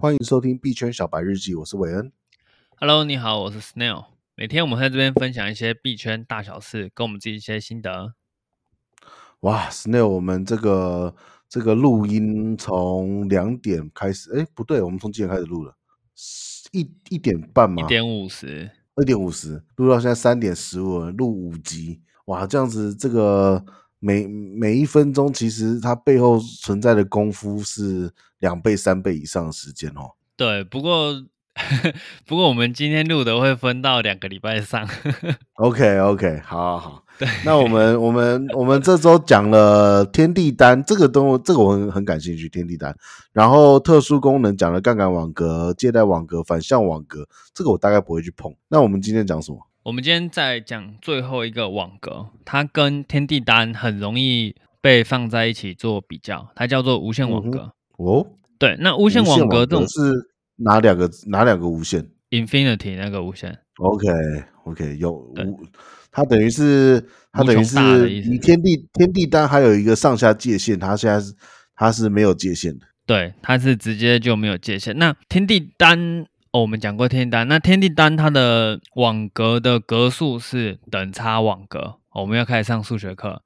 歡迎收聽《幣圈小白日記》，我是偉恩。Hello，你好，我是 Snail。每天我們在這邊分享一些幣圈大小事，跟我們自己一些心得。哇，Snail，我們這個這個錄音從兩點開始，哎，不對，我們從幾點開始錄的？一一點半嗎？一點五十，二點五十，錄到現在三點十五，錄五集。哇，這樣子這個。每每一分鐘，其實它背後存在的功夫是兩倍三倍以上的時間哦。對，不過呵呵，不過我們今天錄的會分到兩個禮拜上。呵呵 OK OK 好好好。對，那我們我們我們這週講了天地單這個東，這個我很很感興趣，天地單。然後特殊功能講了槓桿網格、借貸網格、反向網格，這個我大概不會去碰。那我們今天講什麼？我們今天再講最後一個網格，它跟天地單很容易被放在一起做比較，它叫做無限網格哦。對，那無限網格這種是哪兩個哪兩個無限 Infinity 那個無限。OK OK，有無對它等於是它等於是你天地天地單還有一個上下界限，它現在是它是沒有界限的。對，它是直接就沒有界限。那天地單。哦，我們講過天地單，那天地單它的網格的格數是等差網格。哦，我們要開始上數學課，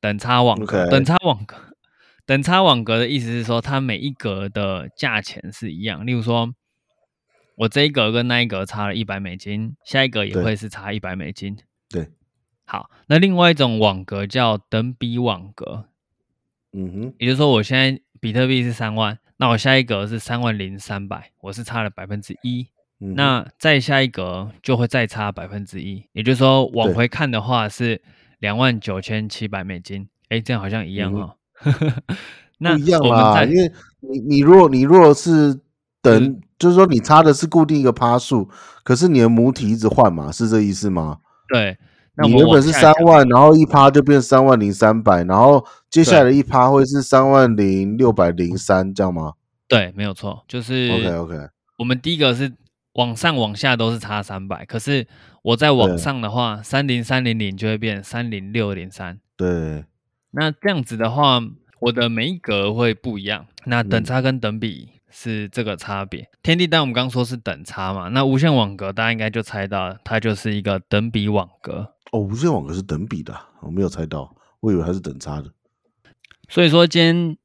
等差網格，Okay. 等差網格，等差網格的意思是說，它每一格的價錢是一樣。例如說，我這一格跟那一格差了一百美金，下一格也會是差一百美金。對，對。好，那另外一種網格叫等比網格。嗯哼，也就是說，我現在比特幣是三萬。那我下一格是三萬零三百，我是差了百分之一。嗯、哼那再下一格就會再差百分之一，也就是說，往回看的話是兩萬九千七百美金。哎對、欸，這樣好像一樣哈。那一樣吧，我因為你如果你若你若是等，嗯、就是說你差的是固定一個趴數，可是你的母體一直換嘛，是這意思嗎？對。那你原本是三萬，然後一趴就變三萬零三百，然後接下來的一趴會是三萬零六百零三，這樣嗎？對，沒有錯，就是。OK OK。我們第一個是往上往下都是差三百，可是我在往上的話，三零三零零就會變三零六零三。對，那這樣子的話，我的每一格會不一樣。那等差跟等比是這個差別。天地單我們剛說是等差嘛，那無限網格大家應該就猜到，它就是一個等比網格。哦，無限網格是等比的，啊，我、哦、沒有猜到，我以為它是等差的。所以說，今天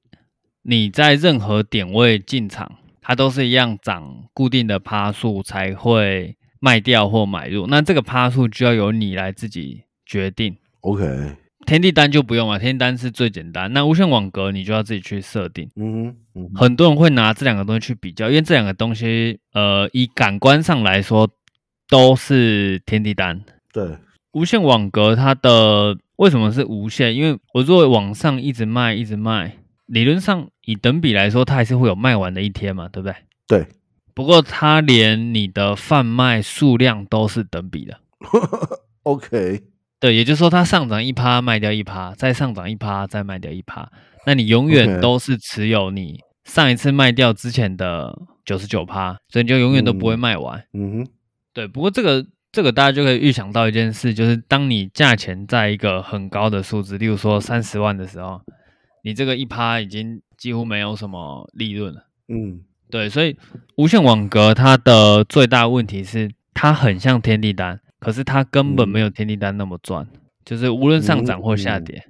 你在任何點位進場，它都是一樣漲固定的趴數才會賣掉或買入。那這個趴數就要由你來自己決定。OK，天地單就不用了，天地單是最簡單。那無限網格你就要自己去設定嗯。嗯哼，很多人會拿這兩個東西去比較，因為這兩個東西，呃，以感官上來說都是天地單。對。無限網格，它的為什麼是無限？因為我作為往上一直賣，一直賣，理論上以等比來說，它還是會有賣完的一天嘛，對不對？對。不過它連你的販賣數量都是等比的。 OK。對，也就是說它上漲一趴賣掉一趴，再上漲一趴再賣掉一趴，那你永遠都是持有你上一次賣掉之前的九十九趴，Okay. 所以你就永遠都不會賣完。嗯哼、mm。Hmm. Mm hmm. 對，不過這個。這個大家就可以預想到一件事，就是當你價錢在一個很高的數字，例如說三十萬的時候，你這個一趴已經幾乎沒有什麼利潤了。嗯，對，所以無限網格它的最大問題是它很像天地單，可是它根本沒有天地單那麼賺，嗯、就是無論上漲或下跌，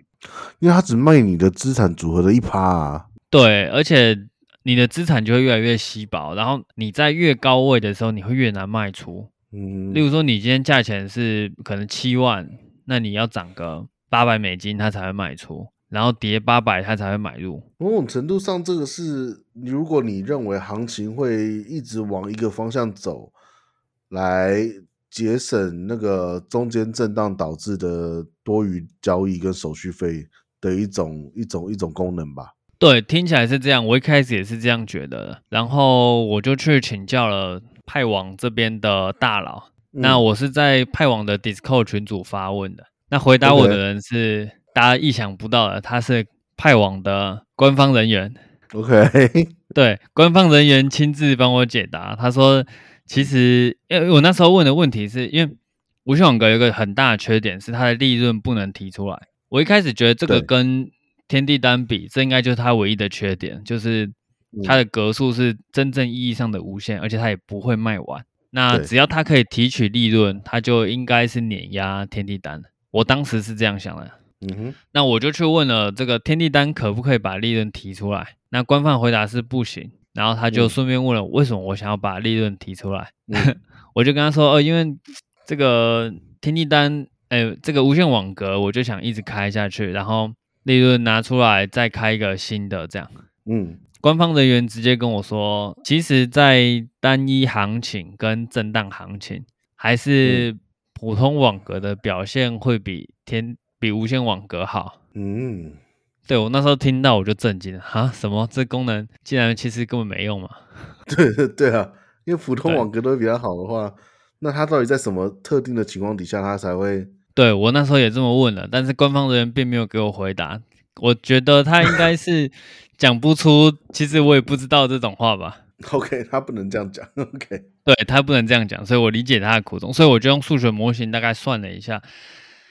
因為它只賣你的資產組合的一趴啊。對，而且你的資產就會越來越稀薄，然後你在越高位的時候，你會越難賣出。嗯，例如說，你今天價錢是可能七萬，那你要漲個八百美金，他才會賣出；然後跌八百，他才會買入。某種、嗯、程度上，這個是如果你認為行情會一直往一個方向走，來節省那個中間震盪導致的多餘交易跟手續費的一種一種一種，一種功能吧。對，聽起來是這樣。我一開始也是這樣覺得，然後我就去請教了。派網這邊的大佬，那我是在派網的 Discord 群組發問的。那回答我的人是 Okay. 大家意想不到的，他是派網的官方人員。OK，對，官方人員親自幫我解答。他說，其實，欸，因為我那時候問的問題是因為無限網格有個很大的缺點是它的利潤不能提出來。我一開始覺得這個跟天地單比，對這應該就是它唯一的缺點，就是。它的格數是真正意義上的無限，而且它也不會賣完。那只要它可以提取利潤，它就應該是碾壓天地單的。我當時是這樣想的。嗯哼。那我就去問了這個天地單可不可以把利潤提出來。那官方回答是不行。然後他就順便問了為什麼我想要把利潤提出來。嗯、 我就跟他說，呃，因為這個天地單，哎、欸，這個無限網格，我就想一直開下去，然後利潤拿出來再開一個新的這樣。嗯。官方人員直接跟我說，其實，在單一行情跟震盪行情，還是普通網格的表現會比天比無限網格好。嗯，對我那時候聽到我就震驚了啊，什麼這功能竟然其實根本沒用嘛？對對對啊，因為普通網格都比較好的話，對那它到底在什麼特定的情況底下它才會？對我那時候也這麼問了，但是官方人員並沒有給我回答。我覺得他應該是講不出「其實我也不知道這種話吧」。 OK，他不能這樣講。OK，對，他不能這樣講，所以我理解他的苦衷。所以我就用數學模型大概算了一下，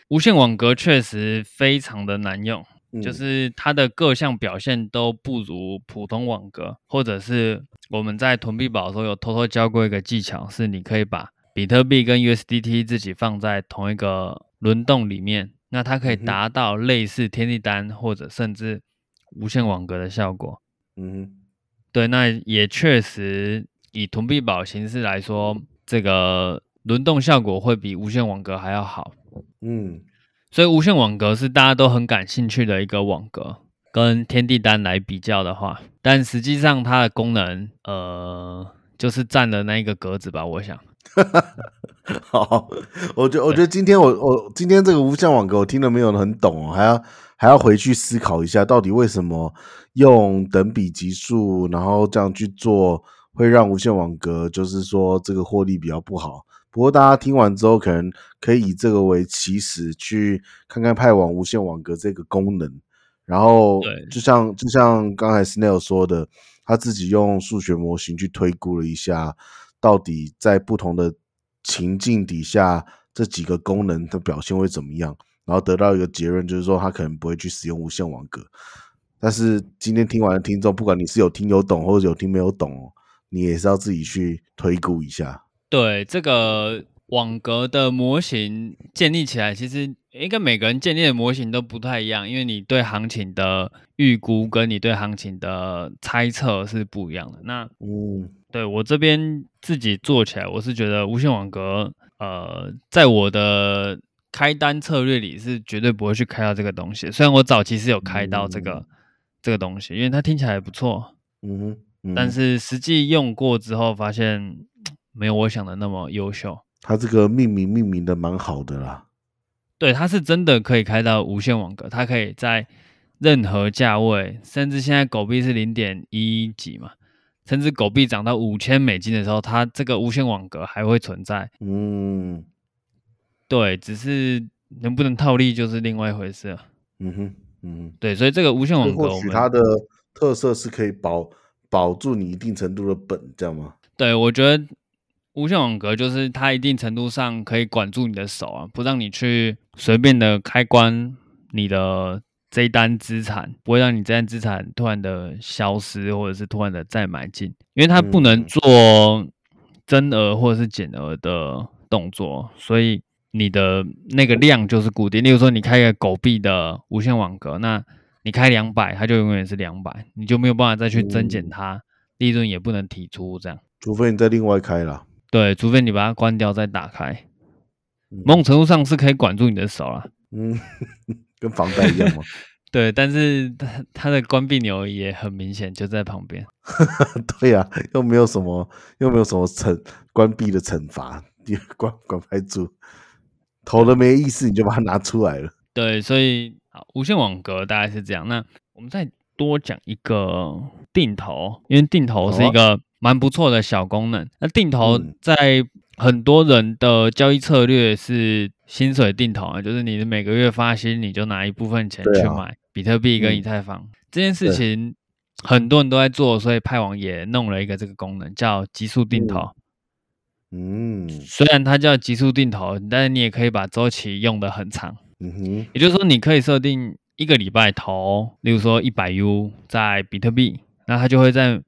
無限網格確實非常的難用，嗯、就是它的各項表現都不如普通網格。或者是我們在囤幣寶的時候有偷偷教過一個技巧，是你可以把比特幣跟 USDT 自己放在同一個輪動裡面。那它可以達到類似天地單或者甚至無限網格的效果。嗯哼，對，那也確實以囤幣寶形式來說，這個輪動效果會比無限網格還要好。嗯，所以無限網格是大家都很感興趣的一個網格，跟天地單來比較的話，但實際上它的功能，呃，就是占了那一個格子吧，我想。 好，我覺得我覺得今天我我今天這個無限網格我聽了沒有很懂，還要還要回去思考一下，到底為什麼用等比級數，然後這樣去做會讓無限網格就是說這個獲利比較不好。不過大家聽完之後，可能可以以這個為起始，去看看派網無限網格這個功能。然後就像對就像剛才 Snail 說的，他自己用數學模型去推估了一下。到底在不同的情境底下，這幾個功能的表現會怎麼樣？然後得到一個結論，就是說他可能不會去使用無限網格。但是今天聽完的聽眾，不管你是有聽有懂或者有聽沒有懂，你也是要自己去推估一下。對這個。網格的模型建立起來，其實應該、欸、每個人建立的模型都不太一樣，因為你對行情的預估跟你對行情的猜測是不一樣的。那嗯，對我這邊自己做起來，我是覺得無限網格，呃，在我的開單策略裡是絕對不會去開到這個東西。雖然我早期是有開到這個這個東西，因為它聽起來不錯，嗯，但是實際用過之後發現沒有我想的那麼優秀。它這個命名命名的蠻好的啦，對，它是真的可以開到無限網格，它可以在任何價位，甚至現在狗幣是零點一幾嘛，甚至狗幣漲到五千美金的時候，它這個無限網格還會存在。嗯，對，只是能不能套利就是另外一回事了，啊嗯。嗯哼，嗯對，所以這個無限網格，或許它的特色是可以保保住你一定程度的本，這樣嗎？對，我覺得。無限網格就是它一定程度上可以管住你的手啊，不讓你去隨便的開關你的這一單資產，不會讓你這單資產突然的消失，或者是突然的再買進，因為它不能做增額或者是減額的動作，所以你的那個量就是固定。例如說你開一個狗幣的無限網格，那你開兩百，它就永遠是兩百，你就沒有辦法再去增減它，利潤也不能提出這樣，除非你再另外開了。對，除非你把它關掉再打開，某種程度上是可以管住你的手了。嗯，跟防呆一樣嗎？ 對，但是它它的關閉鈕也很明顯，就在旁邊。 對啊，又沒有什麼，又沒有什麼懲關閉的懲罰，你關關不住，投了沒意思，你就把它拿出來了。對，所以好，無限網格大概是這樣。那我們再多講一個定投，因為定投是一個。蠻不錯的小功能。那定投在很多人的交易策略是薪水定投啊，就是你每個月發薪，你就拿一部分錢去買比特幣跟以太坊。這件事情很多人都在做，所以派網也弄了一個這個功能叫極速定投。嗯，嗯，雖然它叫極速定投，但是你也可以把週期用得很長。嗯哼，也就是說你可以設定一個禮拜投，例如說一百 U 在比特幣。那他就會在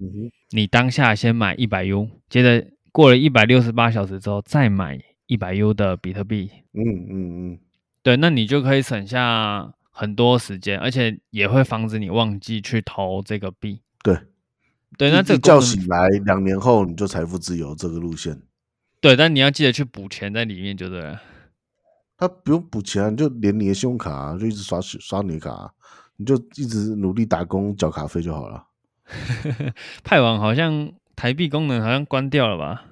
你當下先買一百 U，、嗯、哼，接着過了一百六十八小時之後再買一百 U 的比特幣、嗯。嗯嗯嗯，對，那你就可以省下很多時間，而且也會防止你忘記去投這個幣。對，對，那這個叫醒來兩年後你就財富自由這個路線。對，但你要記得去補錢在裡面，就對了。他不用補錢、啊，就連你的信用卡、啊、就一直刷刷你卡、啊，你就一直努力打工繳卡費就好了。呵呵呵， 派網好像台幣功能好像關掉了吧？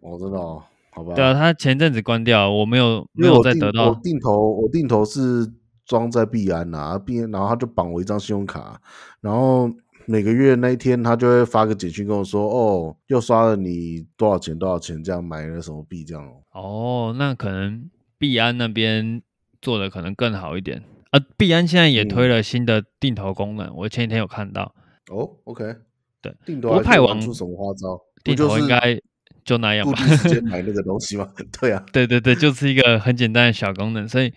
我知道，好吧？對啊，他前陣子關掉了，我沒有我沒有再得到。我定投，我定投是裝在幣安吶、啊，幣安，然後他就綁我一張信用卡，然後每個月那一天他就會發個簡訊跟我說，哦，又刷了你多少錢多少錢，這樣買了什麼幣這樣哦，哦，那可能幣安那邊做的可能更好一點啊。幣安現在也推了新的定投功能，嗯、我前幾天有看到。哦、oh，OK，對，定投還玩出什麼花招？定投應該就那樣吧，直接買那個東西嗎？ 對啊， 對對對，就是一個很簡單的小功能。所以，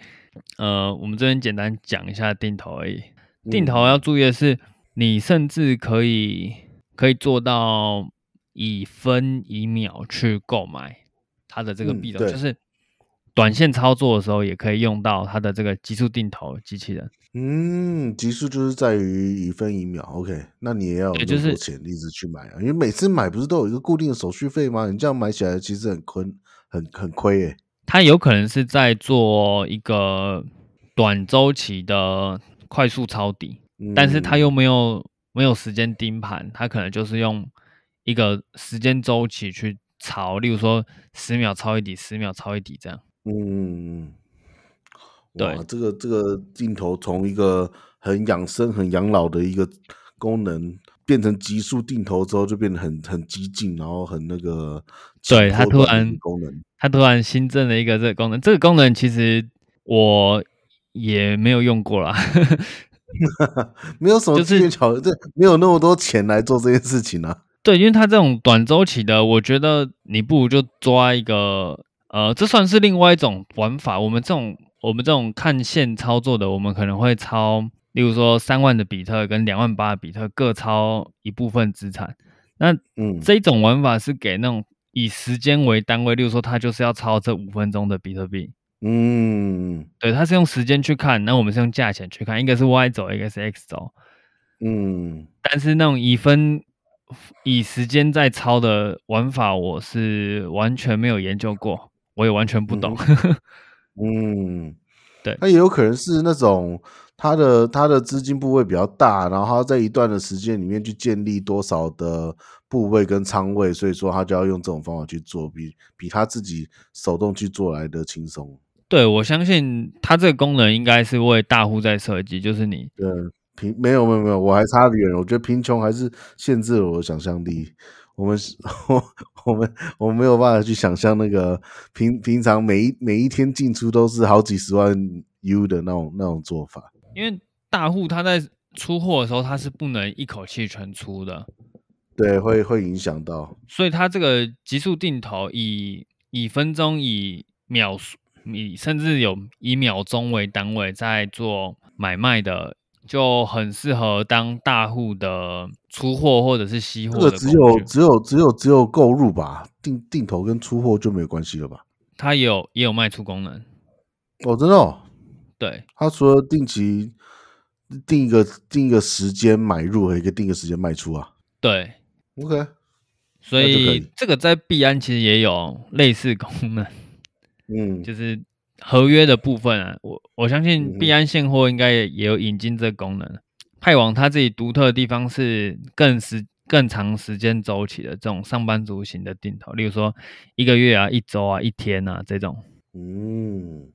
呃，我們這邊簡單講一下定投而已。定投、嗯、要注意的是，你甚至可以可以做到以分以秒去購買它的這個幣種，就是、嗯。短線操作的時候，也可以用到它的這個急速定投機器人。嗯，急速就是在於一分一秒。OK，那你也要有那麼多錢一直去買啊，就是、因為每次買不是都有一個固定的手續費嗎？你這樣買起來其實很虧，很很虧誒、欸。它有可能是在做一個短週期的快速抄底，嗯，但是它又沒有沒有時間盯盤，它可能就是用一個時間週期去抄，例如說十秒抄一底，十秒抄一底這樣。嗯，哇對、這個，這個這個定投從一個很養生、很養老的一個功能，變成極速定投之後，就變得很很激進，然後很那個，那個。對他突然功能，他突然新增了一個這個功能。這個功能其實我也沒有用過啦， 沒有什麼機緣、就是、沒有那麼多錢來做這件事情呢、啊。對，因為他這種短周期的，我覺得你不如就抓一個。呃，這算是另外一種玩法。我們這種我們這種看線操作的，我們可能會抄，例如說三萬的比特跟兩萬八的比特各抄一部分資產。那嗯，這種玩法是給那種以時間為單位，例如說它就是要抄這五分鐘的比特幣。嗯，對，它是用時間去看，那我們是用價錢去看，一個是 Y 軸，一個是 X 軸。嗯，但是那種以分，以時間在抄的玩法，我是完全沒有研究過。我也完全不懂，嗯，對、 嗯，那也有可能是那種他的他的資金部位比較大，然後他在一段的時間裡面去建立多少的部位跟倉位，所以說他就要用這種方法去做，比比他自己手動去做來的輕鬆。對，我相信他這個功能應該是為大戶在設計，就是你，對，貧沒有沒有沒有，我還差得遠，我覺得貧窮還是限制了我的想象力。我們是我我們我沒有辦法去想象那個平平常每一每一天進出都是好幾十萬 U 的那種那種做法，因為大戶他在出貨的時候，他是不能一口氣全出的，對，會會影響到，所以他這個急速定投以以分鐘、以秒、以甚至有以秒钟為單位在做買賣的，就很適合當大戶的。出貨或者是吸貨，這只有只有只有只有購入吧，定定投跟出貨就沒有關係了吧？它有也有賣出功能，哦，真的哦，對，他除了定期定一個定一個時間買入，和一個定一個時間賣出啊。對，OK，所以這個在幣安其實也有類似功能，嗯，就是合約的部分啊，我我相信幣安現貨應該也有引進這個功能。派網它自己獨特的地方是更時更長時間周期的這種上班族型的定投，例如說一個月啊、一周啊、一天啊這種。嗯，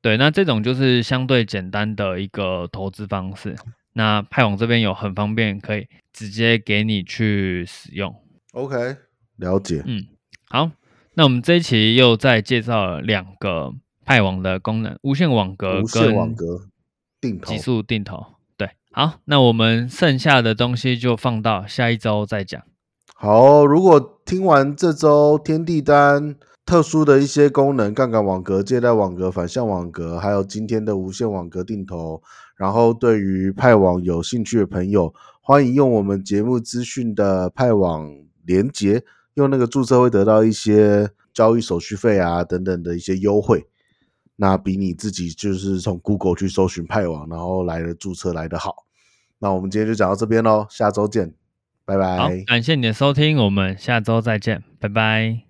對，那這種就是相對簡單的一個投資方式。那派網這邊有很方便，可以直接給你去使用。OK，了解。嗯，好，那我們這一期又再介紹了兩個派網的功能：無限網格跟極速定投。好，那我們剩下的東西就放到下一周再講。好，如果聽完這周天地單特殊的一些功能、槓桿網格、借貸網格、反向網格，還有今天的無限網格定投，然後對於派網有興趣的朋友，歡迎用我們節目資訊的派網連接，用那個註冊會得到一些交易手續費啊等等的一些優惠。那比你自己就是從 Google 去搜尋派網，然後來的註冊來得好。那我們今天就講到這邊嘍，下周見，拜拜。好，感謝你的收聽，我們下周再見，拜拜。